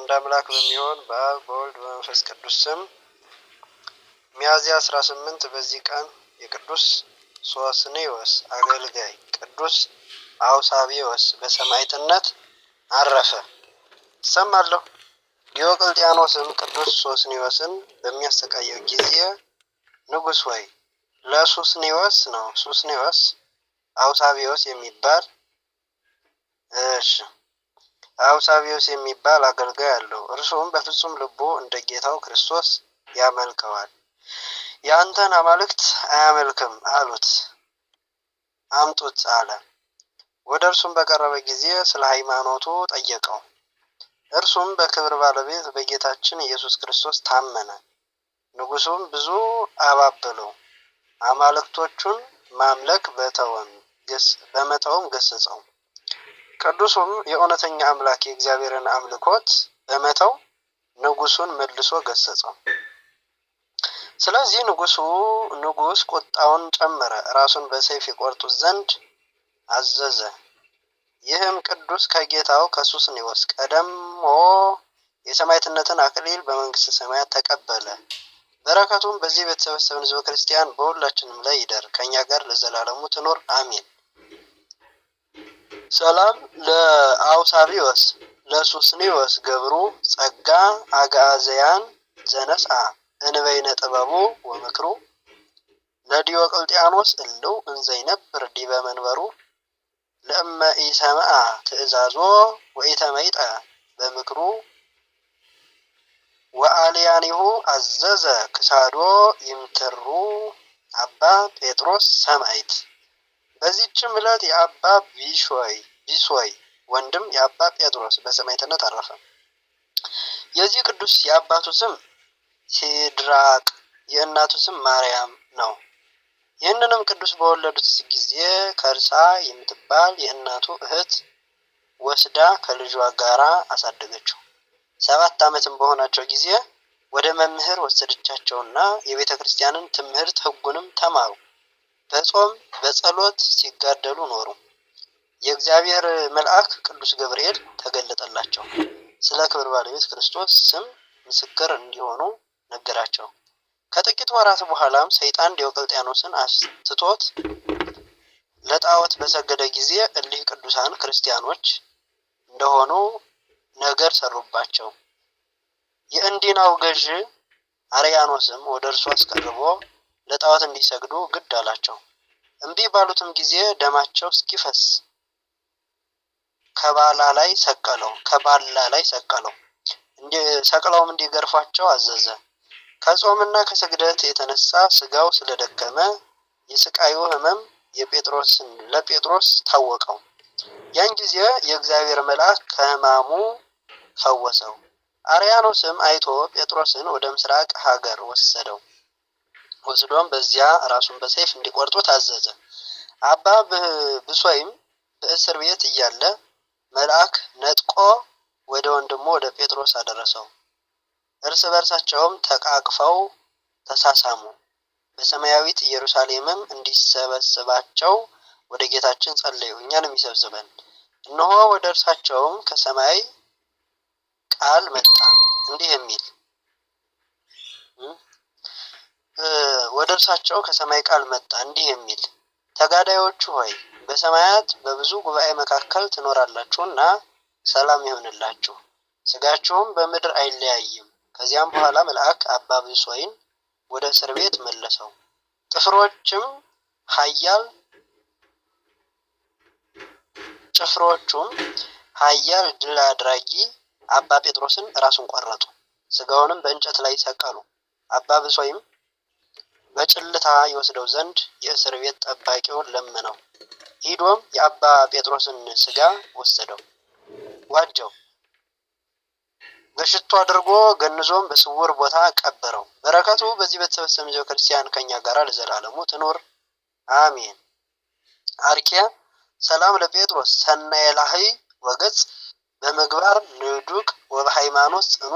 አንድ አምላክ በሚሆን በአብ በወልድ በመንፈስ ቅዱስ ስም ሚያዝያ አስራ ስምንት በዚህ ቀን የቅዱስ ሶስኔዎስ አገልጋይ ቅዱስ አውሳቢዎስ በሰማዕትነት አረፈ። ትሰማለሁ ዲዮቅልጥያኖስም ቅዱስ ሶስኔዎስን በሚያሰቃየው ጊዜ ንጉሥ ወይ ለሱስኔዎስ ነው ሱስኔዎስ አውሳቢዎስ የሚባል እሺ አውሳቢዮስ የሚባል አገልጋይ አለው። እርሱም በፍጹም ልቦ እንደ ጌታው ክርስቶስ ያመልከዋል። የአንተን አማልክት አያመልክም አሉት። አምጡት አለ። ወደ እርሱም በቀረበ ጊዜ ስለ ሃይማኖቱ ጠየቀው። እርሱም በክብር ባለቤት በጌታችን ኢየሱስ ክርስቶስ ታመነ። ንጉሱም ብዙ አባበለው፣ አማልክቶቹን ማምለክ በመተውም ገሰጸው። ቅዱሱም የእውነተኛ አምላክ የእግዚአብሔርን አምልኮት በመተው ንጉሱን መልሶ ገሰጸው። ስለዚህ ንጉሱ ንጉስ ቁጣውን ጨመረ፣ ራሱን በሰይፍ ይቆርጡት ዘንድ አዘዘ። ይህም ቅዱስ ከጌታው ከሱስንዮስ ቀደሞ የሰማዕትነትን አክሊል በመንግስተ ሰማያት ተቀበለ። በረከቱም በዚህ በተሰበሰብን ህዝበ ክርስቲያን በሁላችንም ላይ ይደር፣ ከእኛ ጋር ለዘላለሙ ትኖር አሜን። ሰላም ለአውሳብዮስ ለሱስኒዮስ ገብሩ ጸጋ አጋዘያን ዘነስአ እንበይነ ጥበቡ ወምክሩ ለዲዮቅልጥያኖስ እልው እንዘይነብር ዲበ መንበሩ ለእመ ኢሰምአ ትእዛዞ ወኢተመይጠ በምክሩ ወአልያኒሁ አዘዘ ክሳዶ ይምትሩ አባ ጴጥሮስ ሰማይት በዚህችም ዕለት የአባ ቢስዋይ ወንድም የአባ ጴጥሮስ በሰማዕትነት አረፈ። የዚህ ቅዱስ የአባቱ ስም ሲድራቅ የእናቱ ስም ማርያም ነው። ይህንንም ቅዱስ በወለዱት ጊዜ ከርሳ የምትባል የእናቱ እህት ወስዳ ከልጇ ጋራ አሳደገችው። ሰባት ዓመትም በሆናቸው ጊዜ ወደ መምህር ወሰደቻቸውና የቤተ ክርስቲያንን ትምህርት ሕጉንም ተማሩ። በጾም በጸሎት ሲጋደሉ ኖሩ። የእግዚአብሔር መልአክ ቅዱስ ገብርኤል ተገለጠላቸው። ስለ ክብር ባለቤት ክርስቶስ ስም ምስክር እንዲሆኑ ነገራቸው። ከጥቂት ወራት በኋላም ሰይጣን ዲዮቅልጥያኖስን አስትቶት ለጣዖት በሰገደ ጊዜ እሊህ ቅዱሳን ክርስቲያኖች እንደሆኑ ነገር ሰሩባቸው። የእንዲናው ገዥ አርያኖስም ወደ እርሱ አስቀርቦ ለጣዖት እንዲሰግዱ ግድ አላቸው። እምቢ ባሉትም ጊዜ ደማቸው እስኪፈስ ከባላ ላይ ሰቀለው ከባላ ላይ ሰቀለው ሰቅለውም እንዲገርፏቸው አዘዘ። ከጾምና ከስግደት የተነሳ ስጋው ስለደከመ የስቃዩ ህመም የጴጥሮስን ለጴጥሮስ ታወቀው። ያን ጊዜ የእግዚአብሔር መልአክ ከህማሙ ፈወሰው። አርያኖስም አይቶ ጴጥሮስን ወደ ምስራቅ ሀገር ወሰደው። ወስዶም በዚያ ራሱን በሰይፍ እንዲቆርጡ ታዘዘ። አባ ብሶይም በእስር ቤት እያለ መልአክ ነጥቆ ወደ ወንድሙ ወደ ጴጥሮስ አደረሰው። እርስ በርሳቸውም ተቃቅፈው ተሳሳሙ። በሰማያዊት ኢየሩሳሌምም እንዲሰበስባቸው ወደ ጌታችን ጸለዩ፣ እኛንም ይሰብስበን። እነሆ ወደ እርሳቸውም ከሰማይ ቃል መጣ እንዲህ የሚል ወደ እርሳቸው ከሰማይ ቃል መጣ እንዲህ የሚል ተጋዳዮቹ ሆይ በሰማያት በብዙ ጉባኤ መካከል እና ሰላም ይሆንላችሁ፣ ስጋችሁም በምድር አይለያይም። ከዚያም በኋላ መልአክ አባ ብሶይን ወደ እስር ቤት መለሰው። ጥፍሮችም ሀያል ጭፍሮቹም ሀያል ድል አድራጊ አባ ጴጥሮስን ራሱን ቆረጡ፣ ስጋውንም በእንጨት ላይ ሰቀሉ። አባ ብሶይም በጭልታ ይወስደው ዘንድ የእስር ቤት ጠባቂውን ለመነው። ሂዶም የአባ ጴጥሮስን ስጋ ወሰደው፣ ዋጀው፣ በሽቶ አድርጎ ገንዞም በስውር ቦታ ቀበረው። በረከቱ በዚህ በተሰበሰበ ሕዝበ ክርስቲያን ከኛ ጋር ለዘላለሙ ትኑር አሜን። አርኪያ ሰላም ለጴጥሮስ ሰናየ ላህይ ወገጽ በምግባር ንዱቅ ወበሃይማኖት ጽኑ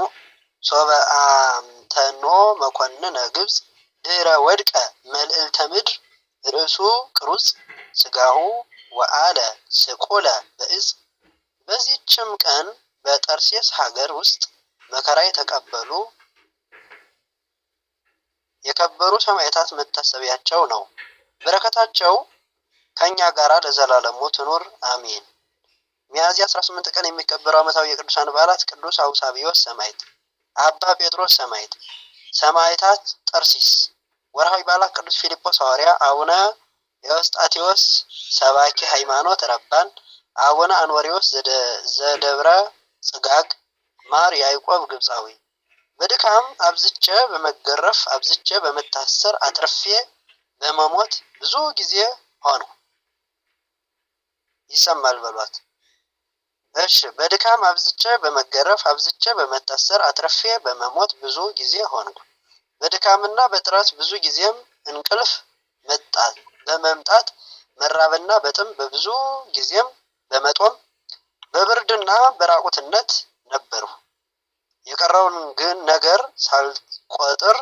ሶበአምተኖ መኮንነ ግብፅ ድረ ወድቀ መልዕልተ ምድር ርእሱ ቅሩጽ ስጋሁ ወአለ ስቁለ በእጽ። በዚህችም ቀን በጠርሴስ ሀገር ውስጥ መከራ የተቀበሉ የከበሩ ሰማዕታት መታሰቢያቸው ነው። በረከታቸው ከእኛ ጋር ለዘላለሙ ትኑር አሜን። ሚያዝያ 18 ቀን የሚከበሩ ዓመታዊ የቅዱሳን በዓላት ቅዱስ አውሳብዮስ ሰማዕት፣ አባ ጴጥሮስ ሰማዕት፣ ሰማዕታት ጠርሲስ ወርሃዊ በዓላት ቅዱስ ፊልጶስ ሐዋርያ፣ አቡነ ኤዎስጣቴዎስ ሰባኪ ሃይማኖት ረባን፣ አቡነ አንወሪዎስ ዘደብረ ጽጋግ፣ ማር ያዕቆብ ግብፃዊ። በድካም አብዝቼ በመገረፍ አብዝቼ በመታሰር አትርፌ በመሞት ብዙ ጊዜ ሆኖ ይሰማል በሏት። እሺ በድካም አብዝቼ በመገረፍ አብዝቼ በመታሰር አትርፌ በመሞት ብዙ ጊዜ ሆንኩ። በድካምና በጥረት ብዙ ጊዜም እንቅልፍ መጣል በመምጣት መራብና በጥም በብዙ ጊዜም በመጦም በብርድና በራቁትነት ነበሩ። የቀረውን ግን ነገር ሳልቆጥር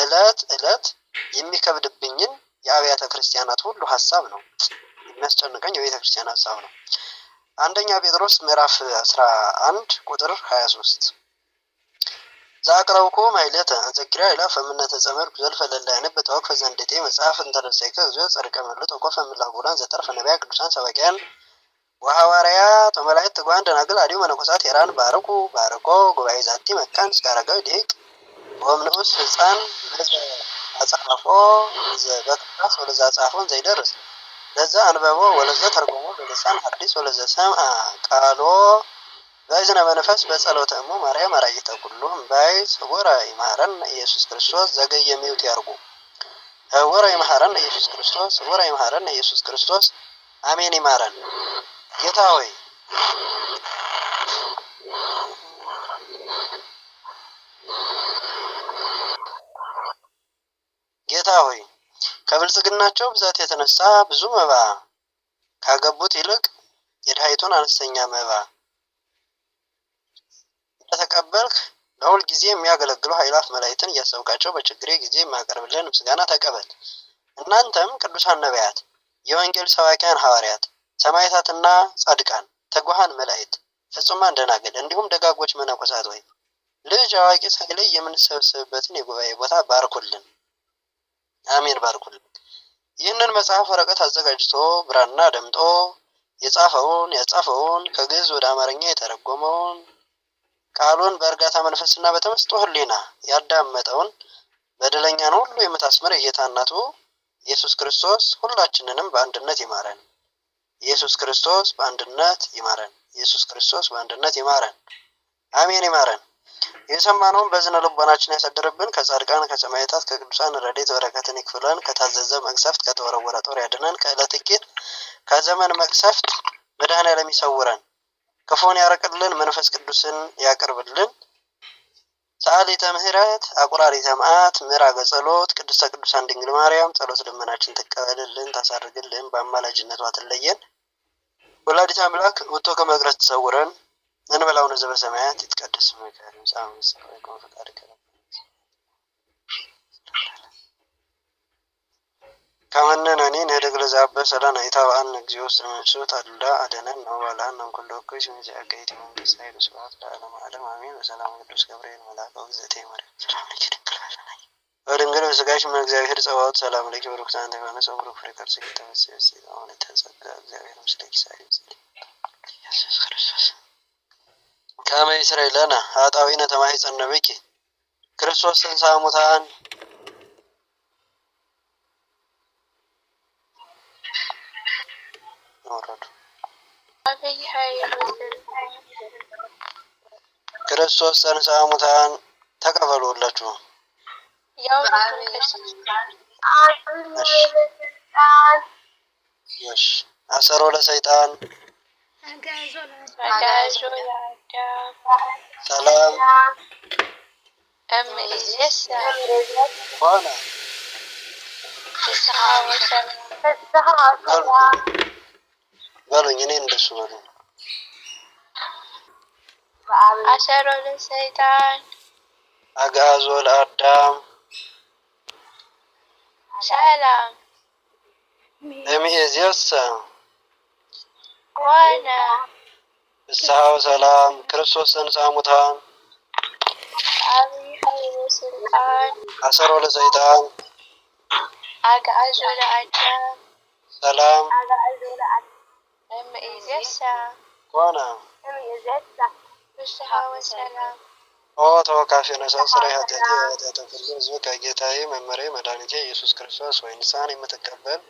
እለት ዕለት የሚከብድብኝን የአብያተ ክርስቲያናት ሁሉ ሀሳብ ነው የሚያስጨንቀኝ የቤተ ክርስቲያን ሀሳብ ነው። አንደኛ ጴጥሮስ ምዕራፍ አስራ አንድ ቁጥር ሀያ ሶስት ዝኣቅረብኩ ማይለተ ኣዘኪርያ ኢላ ፈምነተ ጸመርኩ ዘልፈ ለላይነ በተወክፈ ዘንድጤ መጽሐፍ እንተነሰይከ እግዚኦ ጸድቀ መሎት ወኮፈ ምላቡላን ዘተርፈ ነቢያ ቅዱሳን ሰባቅያን ወሐዋርያት ወመላእክት ትጓን ደናግል አዲሁ መነኮሳት ሄራን ባርኩ ባርኮ ጉባኤ ዛቲ መካን እስከ አረጋዊ ድሂቅ ወምንዑስ ህፃን አጻፎ በቅዳስ ወለዛ ጻፎን ዘይደርስ ለዛ አንበቦ ወለዘ ተርጎሞ በልሳን ሐዲስ ወለዘ ሰምአ ቃሎ በእዝነ መንፈስ በጸሎተ እሙ ማርያም አራይተ ኩሉ ባይ ህወራ ይማረን ኢየሱስ ክርስቶስ ዘገየ ሚውት ያርጉ ህወራ ይማረን ኢየሱስ ክርስቶስ ህወራ ይማረን ኢየሱስ ክርስቶስ አሜን ይማረን። ጌታ ሆይ ጌታ ሆይ ከብልጽግናቸው ብዛት የተነሳ ብዙ መባ ካገቡት ይልቅ የድሃይቱን አነስተኛ መባ ስለተቀበልክ ለሁል ጊዜ የሚያገለግሉ ኃይላት መላእክትን እያሰብካቸው በችግሬ ጊዜ የማቀርብልን ምስጋና ተቀበል። እናንተም ቅዱሳን ነቢያት፣ የወንጌል ሰባኪያን ሐዋርያት፣ ሰማዕታትና ጻድቃን፣ ትጉሃን መላእክት፣ ፍጹማን ደናግል፣ እንዲሁም ደጋጎች መነኮሳት ወይ ልጅ አዋቂ ሳይለይ የምንሰበሰብበትን የጉባኤ ቦታ ባርኩልን። አሜን፣ ባርኩልን። ይህንን መጽሐፍ ወረቀት አዘጋጅቶ ብራና ደምጦ የጻፈውን ያጻፈውን ከግዕዝ ወደ አማርኛ የተረጎመውን ቃሉን በእርጋታ መንፈስና በተመስጦ ህሊና ያዳመጠውን በደለኛን ሁሉ የምታስምር እየታናቱ ኢየሱስ ክርስቶስ ሁላችንንም በአንድነት ይማረን። ኢየሱስ ክርስቶስ በአንድነት ይማረን። ኢየሱስ ክርስቶስ በአንድነት ይማረን። አሜን። ይማረን። የሰማነውን በዝነ ልቦናችን ያሳደርብን። ከጻድቃን ከሰማዕታት ከቅዱሳን ረድኤት በረከትን ይክፍለን። ከታዘዘ መቅሰፍት ከተወረወረ ጦር ያድነን። ከዕለት ጥቂት ከዘመን መቅሰፍት መድኃኔዓለም ይሰውረን። ክፉን ያረቅልን፣ መንፈስ ቅዱስን ያቅርብልን። ሰዓሊተ ምሕረት አቁራሪተ መዓት ምዕራገ ጸሎት ቅድስተ ቅዱሳን ድንግል ማርያም ጸሎት ልመናችን ትቀበልልን፣ ታሳርግልን፣ በአማላጅነቷ ትለየን። ወላዲተ አምላክ ወጥቶ ከመቅረት ተሰውረን እንበላው። ዘበሰማያት ይትቀደስ ስምከ ይኩን ፈቃድከ ከመነነኒ ዛበ ለዛበ ሰላና ኢታብኣል ንግዚኦ ስምንሱት አሉላ አደነን ኖባላን ነንኩሎኮ ስምዚ አገይቲ መንግስት ኃይሉ ስብሐት ለዓለመ ዓለም አሜን። በሰላም ቅዱስ ገብርኤል መልአከ እግዝእትየ ማርያም ሰላም ለኪ ድንግል በድንግል በስጋሽ ምን እግዚአብሔር ሰላም ለኪ ብሩክት አንተ የሆነ ብሩክ ፍሬ ቅርጽ የተመሰለ ሴት አሁን የተጸጋ እግዚአብሔር ምስለ ኪሳሪ ኢየሱስ ክርስቶስ ከመ ይስረይ ለነ ኃጣውኢነ ተማይ ጸነበኪ ክርስቶስ ተንሥአ ወረዱ። ክርስቶስ ተንሳ ሙታን ተቀበሉላችሁ። አሰሮ ለሰይጣን ሰላም ሆነ በሉኝ፣ እኔ እንደሱ በሉኝ። አሰሮ ለሰይጣን አጋዞ ለአዳም ሰላም እምይእዜሰ ኮነ ፍስሐው ሰላም ክርስቶስ ተንሥአ እሙታን ዓቢይ ኃይል አሰሮ ለሰይጣን አግዓዞ ለአዳም ሰላም ኦ ተወካፌ ነሳን ስራ ኃጢአት የኃጢአት ፍርድ ህዝብ ከጌታዬ መመሪያ መድኃኒቴ ኢየሱስ ክርስቶስ ወይ ንስሐን የምትቀበል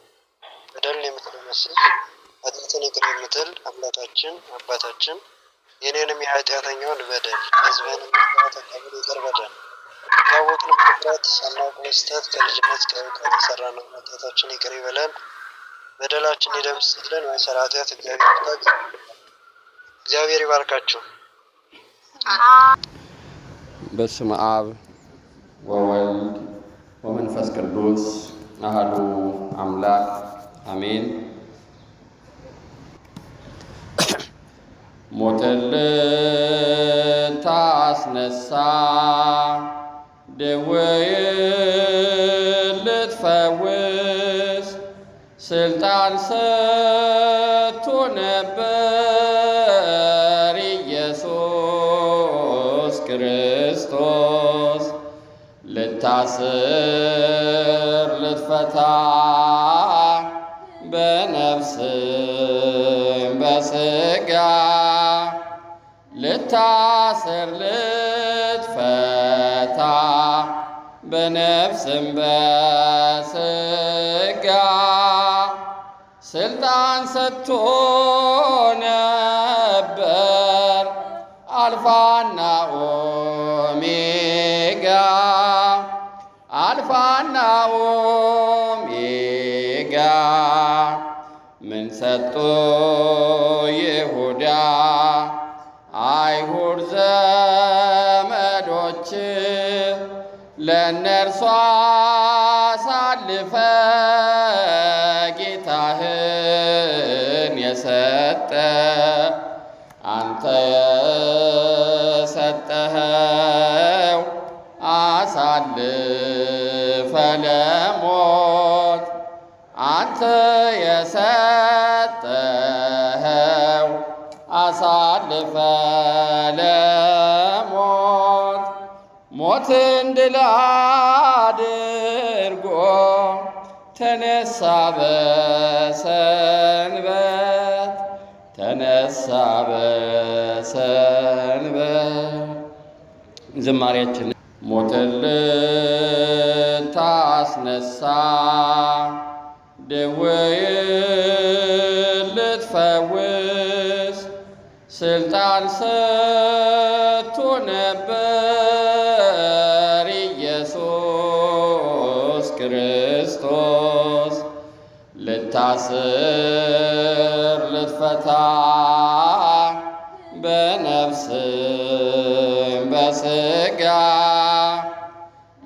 በደልን የምትደመስስ ኃጢአትን ይቅር የምትል አምላካችን አባታችን የኔንም የኃጢአተኛውን በደል ህዝብንም ተቀብል ይቅር በደል ያወቅንም ትኩረት ሳናውቅ በስተት ከልጅነት ከእውቀት የሰራነውን ኃጢአታችን ይቅር ይበለን። በደላችን ይደምስልን ማይሰራ ኃጢአት እግዚአብሔር እግዚአብሔር ይባርካችሁ። በስመ አብ ወወልድ ወመንፈስ ቅዱስ አህዱ አምላክ አሜን። ሞትን ታስነሳ ደዌ ስልጣን ሰጥቶ ነበር ኢየሱስ ክርስቶስ ልታስር ልትፈታ በነፍስም በስጋ ልታስር ልትፈታ በነፍስም በስጋ ስልጣን ሰጥቶ ነበር። አልፋና ኦሜጋ አልፋና ኦሜጋ ምን ሰጥቶ ይሁዳ አይሁድ ለእነርሷ አሳልፈ ጌታህን የሰጠ አንተ የሰጠኸው አሳልፈ ለሞት አንተ የሰጠኸው አሳልፈ ሞትን ድል አድርጎ ተነሳ በሰንበት ተነሳ በሰንበት። ዝማሬያችን ሞትን ልታስነሳ ደዌን ልትፈውስ ስልጣን ሰጥቶ ነበር ከታስር ልትፈታ በነፍስም በስጋ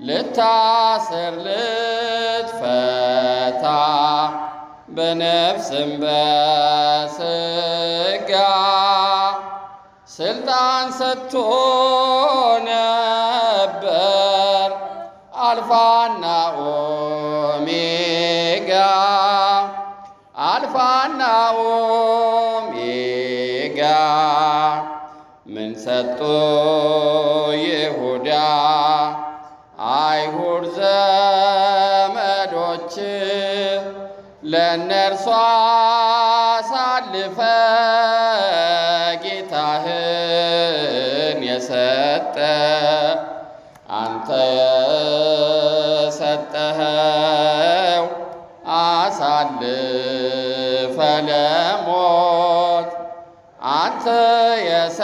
ልታስር ልትፈታ በነፍስም በስጋ ስልጣን ሰጥቶነ ሰጡ ይሁዳ አይሁድ ዘመዶች ለእነርሷ አሳልፈ ጌታህን የሰጠ አንተ የሰጠኸው አሳልፈ ለሞት አንተ የሰ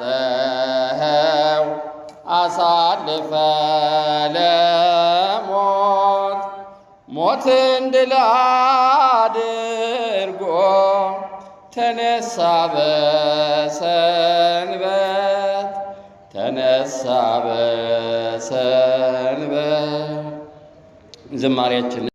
ሰጠኸው አሳልፈ ለሞት ሞትን ድል አድርጎ ተነሳ በሰንበት ተነሳ በሰንበት ዝማሬያችን